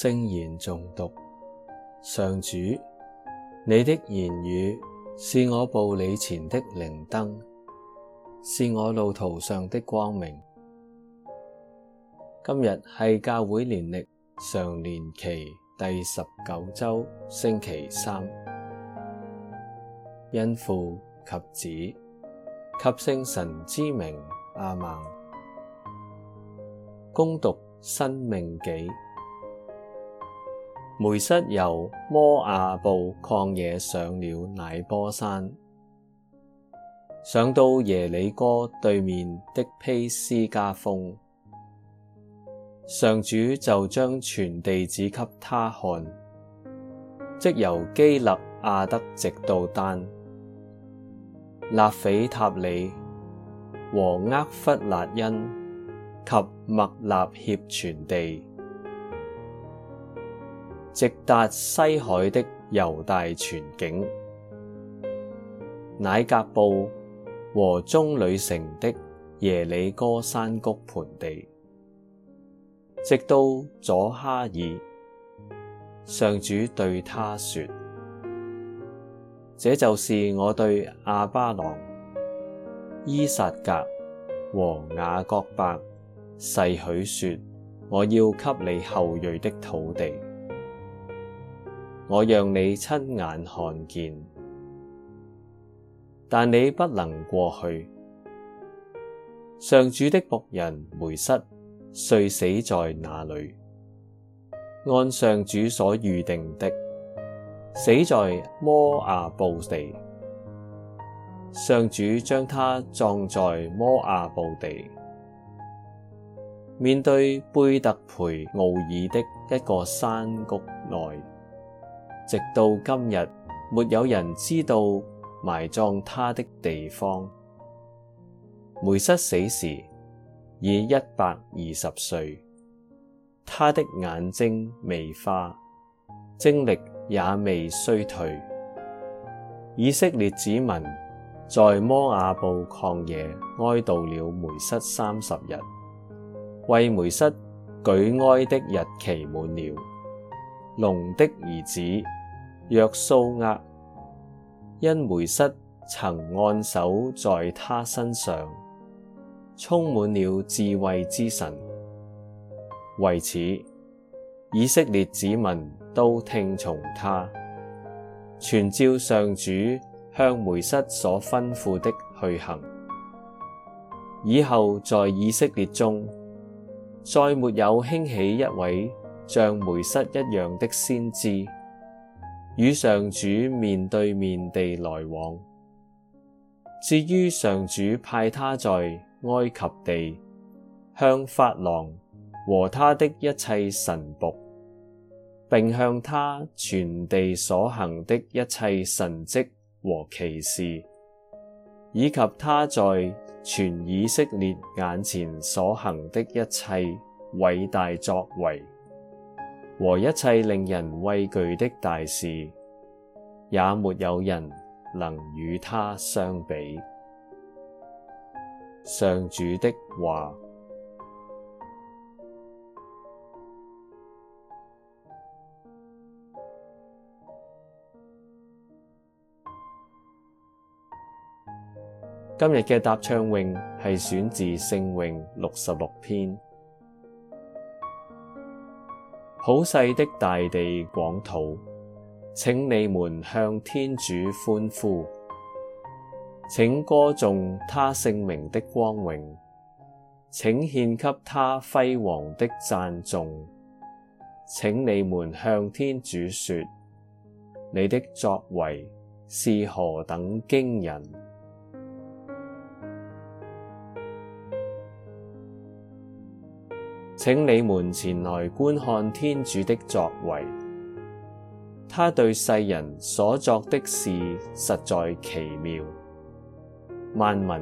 聖言誦讀。上主，你的言語是我步履前的靈燈，是我路途上的光明。今日係教會年曆常年期第十九周星期三，因父及子及聖神之名阿孟，阿門。恭讀申命紀。梅瑟由摩阿布曠野上了乃波山，上到耶里哥對面的丕斯加峰，上主就將全地指給他看，即由基肋阿得直到丹、納斐塔里和厄弗辣因及默納協全地。直達西海的猶大全境，乃革布和棕櫚城的耶里哥山谷盆地，直到左哈爾。上主對他說：這就是我對亞巴郎、依撒格和雅各伯誓許說，我要給你後裔的土地。我讓你親眼看見，但你不能過去。上主的僕人梅瑟遂死在那裏，按上主所預定的，死在摩阿布地。上主將他葬在摩阿布地，面對貝特培敖爾的一個山谷內。直到今日，沒有人知道埋葬他的地方。梅瑟死時已一百二十歲，他的眼睛未花，精力也未衰退。以色列子民在摩阿布曠野哀悼了梅瑟三十日，為梅瑟舉哀的日期滿了，農的兒子。若蘇厄，因梅瑟曾按手在他身上，充滿了智慧之神，為此，以色列子民都聽從他，全照上主向梅瑟所吩咐的去行。以後在以色列中，再沒有興起一位像梅瑟一樣的先知。與上主面對面地來往。至於上主派他在埃及地，向法郎和他的一切臣僕，並向他全地所行的一切神蹟和奇事，以及他在全以色列眼前所行的一切偉大作為。和一切令人畏懼的大事，也沒有人能與他相比。上主的話，今日嘅答唱詠係選自聖詠六十六篇。普世的大地廣土，請你們向天主歡呼，請歌頌他聖名的光榮，請獻給他輝煌的讚頌，請你們向天主說，你的作為是何等驚人！請你們前來觀看天主的作為，他對世人所作的事實在奇妙。萬民，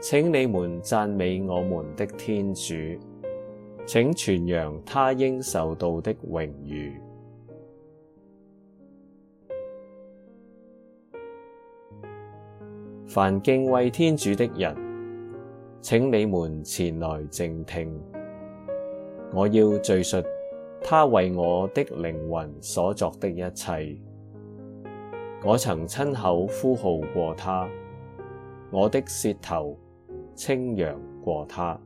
請你們讚美我們的天主，請傳揚他應受到的榮譽。凡敬畏天主的人，請你們前來靜聽。我要敘述他為我的靈魂所作的一切。我曾親口呼號過他，我的舌頭稱揚過他。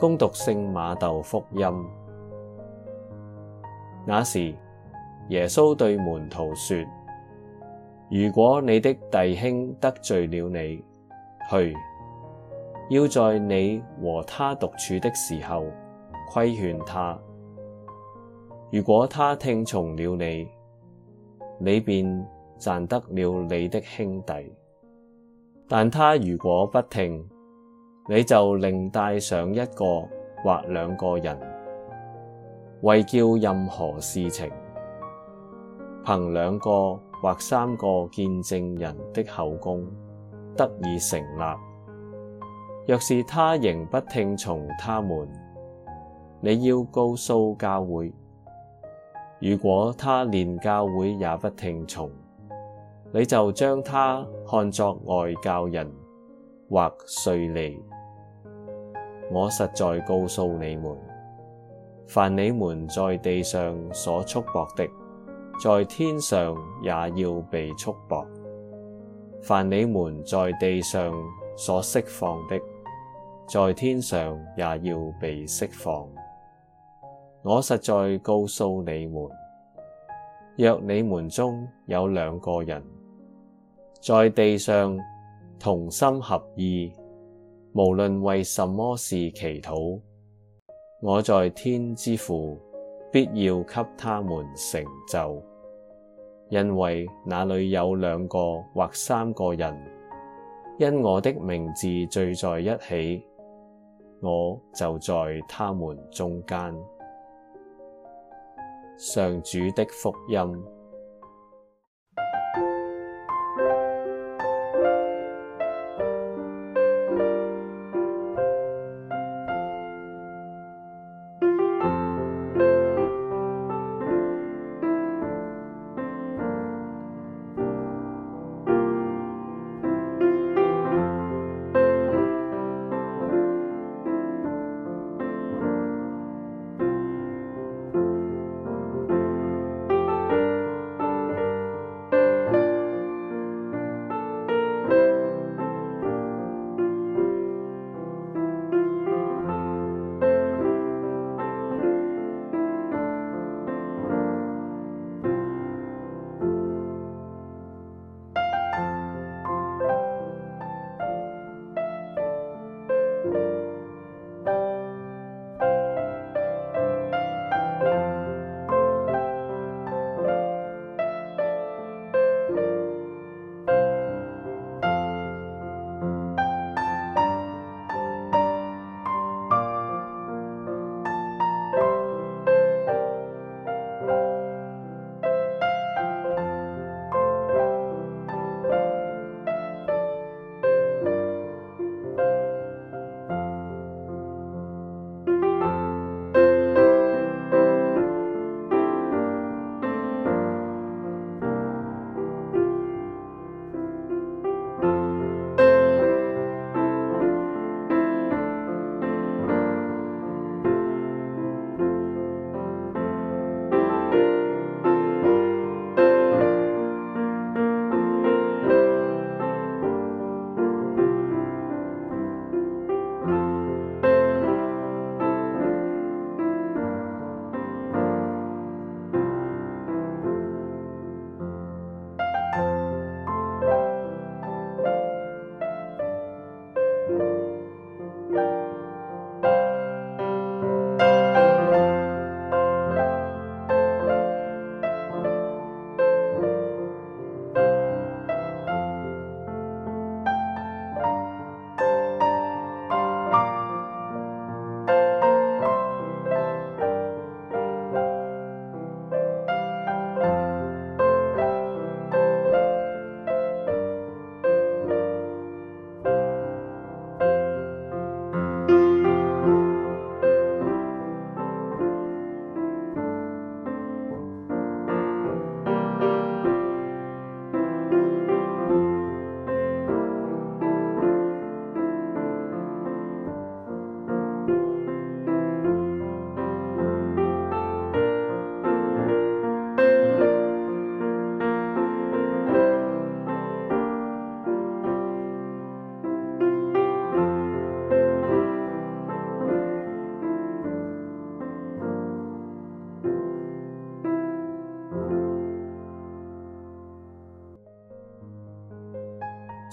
恭讀聖瑪竇福音，那時。耶穌對門徒說：如果你的弟兄得罪了你，去，要在你和他獨處的時候，規勸他。如果他聽從了你，你便賺得了你的兄弟；但他如果不聽，你就另帶上一個或兩個人，為叫任何事情。憑兩個或三個見證人的口供，得以成立。若是他仍不聽從他們，你要告訴教會；如果他連教會也不聽從，你就將他看作外教人或稅吏。我實在告訴你們，凡你們在地上所束縛的。在天上也要被束縛。凡你們在地上所釋放的，在天上也要被釋放。我實在告訴你們，若你們中有兩個人在地上同心合意，無論為什麼事祈禱，我在天之父。必要給他們成就，因為那裏有兩個或三個人，因我的名字聚在一起，我就在他們中間。上主的福音。